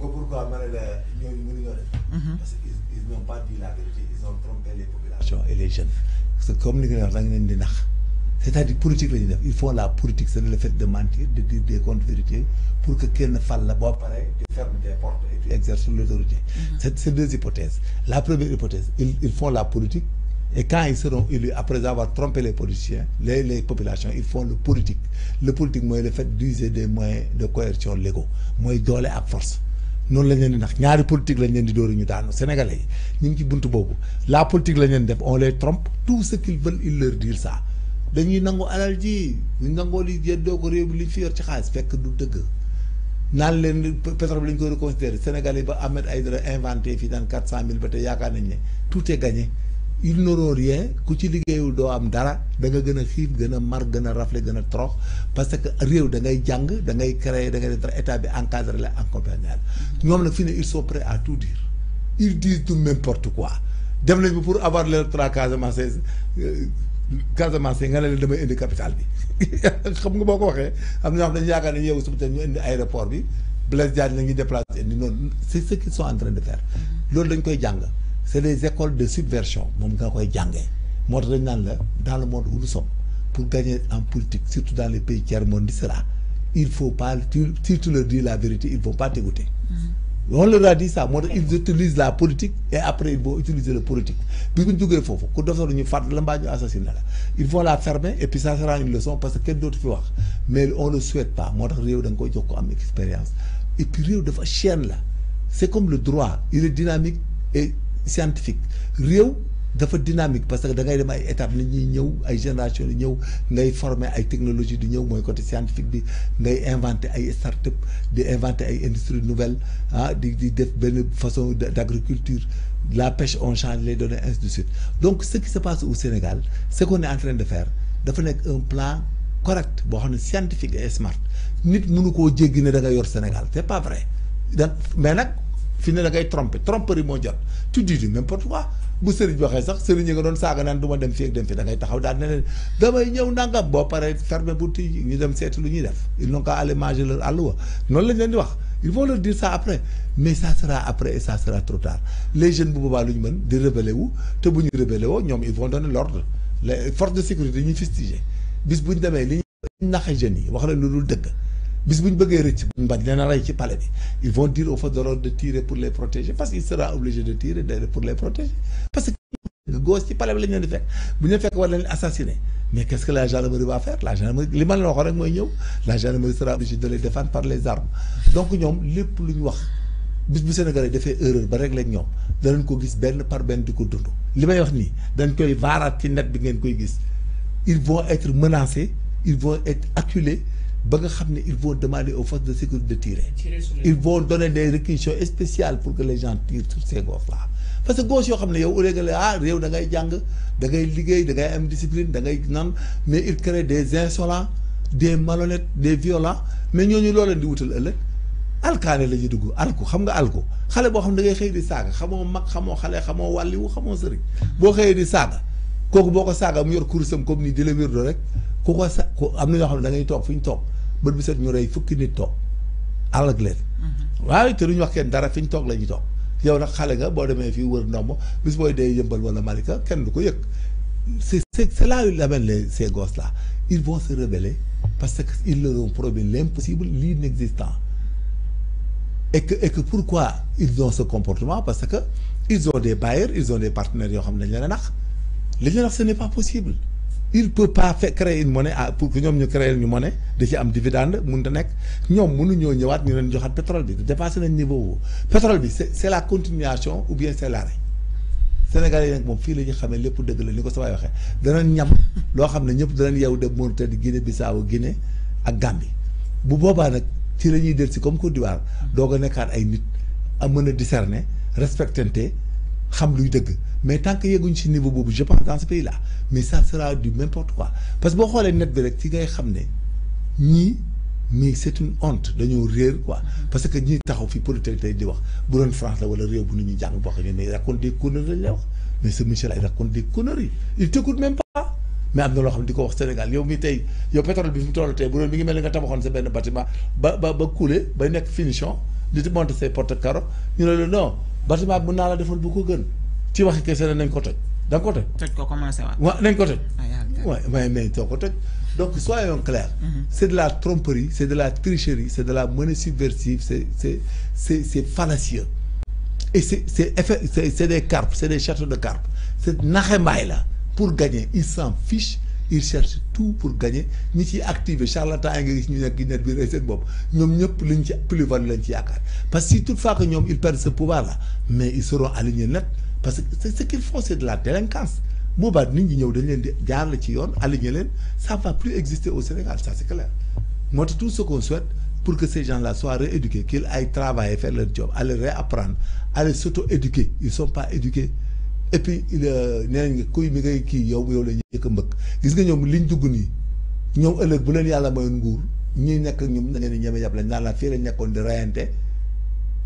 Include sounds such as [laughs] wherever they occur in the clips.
pourquoi mhm. ils n'ont pas dit la vérité ils ont trompé les populations et les jeunes. C'est comme les gens qui ont dit c'est-à-dire politique ils font la politique c'est le fait de mentir de dire des de vérités pour que ne fasse la boo paree de fermer des portes et d'exercer l'autorité. Mhm. c'est c'est deux hypothèses la première hypothèse ils ils font la politique. Et quand ils seront élus, après avoir trompé les policiers les, les populations, ils font le politique. Le politique, moi, le fait d'user des moyens de coercition légaux. Moi, doole à force. non lañ les di nax ñaari politique lañ di dóor ñu sénégalais yi ñu ci la politique lañ leen def on les trompe tout ce qu'ils veulent ils leur dire ça dañuy nangu alal ji ñu nangoo li yeddoo ko réew mi li ñu fi yor ci xaalis fekk du dëgg naan leen pétrole bi ko reconsidéré sénégalais yi ba Ahmed Aïdara inventé fii daan quatre cent mille nañ tout est gagné ils n'auront rien ku ci liggéeyul doo am dara danga gën a xiif gën a mar gën a rafle gën a torox parce que réew da ngay jàng da ngay créer da ngay def état bi encadré la accompagner ñoom nag fi ne ils à tout dire ils disent tout n'importe quoi dem nañ pour avoir l'électorat Casamance euh, Casamance nga ne leen damay indi capital bi [laughs] xam nga boo ko waxee am na ñoo xam dañu yaakaar ne yow suba tamit ñu indi aéroport bi Blaise Diagne la ñuy déplacé indi noonu c'est ce qu'ils en train de faire mm-hmm. loolu dañ koy jàng c'est les écoles de subversion dans le monde où nous sommes pour gagner en politique surtout dans les pays tiers monde là il faut pas si tu leur dis la vérité ils vont pas t'écouter mm-hmm. on leur a dit ça ils utilisent la politique et après ils vont utiliser le politique ils vont la fermer et puis ça sera une leçon parce que quel dootu fi mais on le souhaite pas expérience et puis la c'est comme le droit il est dynamique et scientifique réew dafa dynamique parce que da ngay dem ay étapes ni ñuy ay génération qui ñëw ngay former ay technologie di ñëw mooy côté scientifique bi ngay inventé ay start-up di inventer ay industrie nouvelle ah di di def façon d'agriculture la pêche on change les données ainsi de suite donc ce qui se passe au Sénégal ce qu'on est en train de faire dafa nekk un plan correct boo xam scientifique et smart nit mënu koo jéggi ne da nga yor Sénégal c'est pas vrai mais fi ne da ngay tromper tromperie moo jot tu dis du n'importe quoi bu serigne waxe sax sëriñ yi nga doon saaga naan du dem fi ak dem fi da ngay taxaw daal ne leen damay ñew nangam bo paree fermer bunt yi ñu dem seeti lu ñuy def ils n'ont qu'à aller manger leur alluwa non lañ leen di wax ils vont leur dire ça après mais ça sera après et ça sera trop tard les jeunes bu baba lu ñu mën di rebeller wu te bu ñu rebeller woo ñoom ils vont donner l'ordre les forces de sécurité ñu fistiger bis buñ démé li ñu naxe jeunes yi wax la lu dul deug bis bu ñu bëggee rëcc mba dina rey ci bi ils vont dire aux forces de l'ordre de tirer pour les protéger parce qu'il sera obligé de tirer pour les protéger parce que gauche ci palais bi la ñu leen di fekk bu ñu assassiner mais qu'est-ce que la gendarmerie va faire la gendarmerie li ma leen waxoon rek la gendarmerie sera obligée de les défendre par les armes donc ñoom lépp lu ñu wax bis bu Sénégalais defee erreur ba rek lañ ñoom danañ ko gis benn par benn diko dund li may wax ni dañ koy vaaraat ci net bi ngeen koy gis ils vont être menacés ils vont être acculés ils vont demander aux forces de sécurité de tirer. Ils vont donner des réquisitions spéciales pour que les gens tirent sur ces gosses-là. Parce que gosses, mais ils créent des insolents, des malhonnêtes, des violents. Mais nous, nous, nous, nous, alkaane la ñuy dugg alku xam nga alku xale boo xam ne da ngay xëy di saaga xamoo mag xamoo xale xamoo wàlliwu xamoo sëriñ boo xëyee di saaga kooku boo ko saaga mu yor kursam comme ni di la wér rek ku ko sa am na ñoo xam ne da ngay toog fi ñu toog bët set ñu rey fukki nit tok àll ak leen. Mhm. waaye te duñu wax kenn dara fiñ tok lañu tok yow nak xalé nga bo demee fi wër ndom bis boy day yëmbal wala Malika kenn du ko yëg c'est est là où ils amènent les ces gosses là ils vont se rebeller parce que ils leur ont promis l' impossible et que et que pourquoi ils ont ce comportement parce que ils ont des bailleurs ils ont des partenaires yo xam nañ dañ leen a nax li ñu la ce n'est pas possible. il peut pas fait créer une monnaie ah pour que ñoom ñu créer ñu monnaie da ci am dividende mun da nekk ñoom mënuñoo ñëwaat ñu leen joxaat pétrole bi dépassé nañ niveau boobu pétrole bi c'est la continuation ou bien c'est l'arrêt Sénégalais yi nag moom fii la ñu xamee lépp dëgg la ko samay waxee danañ ñam loo xam ne ñëpp danañ yeewu dem Mauritanie Guinée Bissau Guinée ak Gambie bu boobaa nag ci la ñuy del si comme di d'Ivoire doo a nekkaat ay nit a mën a discerner respectante mais tant que a ci niveau je pense dans ce pays là mais ça sera du n'importe quoi parce que si les net rek ci mais c'est une honte de rire. quoi parce que nous, taxaw fi politique pour di wax bu France la wala bu on raconte des conneries mais ce monsieur là il raconte des conneries il t'écoute même pas mais xam di ko wax Sénégal yow mi pas yow pétrole bi bu mi ngi mel nga sa benn bâtiment ba ba ba ba finition monte Le porte carreaux bâtiment bi mën naa la defal bu ko gën ci waxi kese la nañ ko toj da nga ko toj. toj ko commencé wa nañ ko toj. waaw ah, waaye mais doo ko toj donc soyons clairs. c'est mm-hmm. c'est de la tromperie c'est de la tricherie c'est de la menace subversive c'est c'est c'est c'est fallacieux. et c'est c'est c'est des carpes c'est des châteaux de carpes c'est est naxe pour gagner ils s'en fichent ils cherchent tout pour gagner ils sont activé charlatan ils nga gis ñu nekk net bi plus parce que si toutefois que ils perdent ce pouvoir là mais ils seront alignés net parce que ce qu'ils font c'est de la délinquance Si nit ñi dañ ça va plus exister au Sénégal ça c'est clair Moi, tout ce qu'on souhaite pour que ces gens-là soient rééduqués qu'ils aillent travailler faire leur job aller réapprendre aller s'auto-éduquer ils ne sont pas éduqués et puis euh, nee nañ kuy mi ngay kii yow yow la yëkk mbëkk gis nga ñoom liñ dugg nii ñoom ëllëg bu leen yàlla mayoon nguur ñi nekk ak ñoom dañu leen ñeme yàpp lañ naan la fii la nekkoon di rayante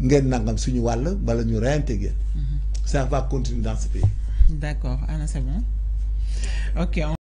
ngeen nangam suñu wàll bala ñu rayante ngeen. Mm-hmm. ça va continuer dans ce pays. d'accord ana c'est ok.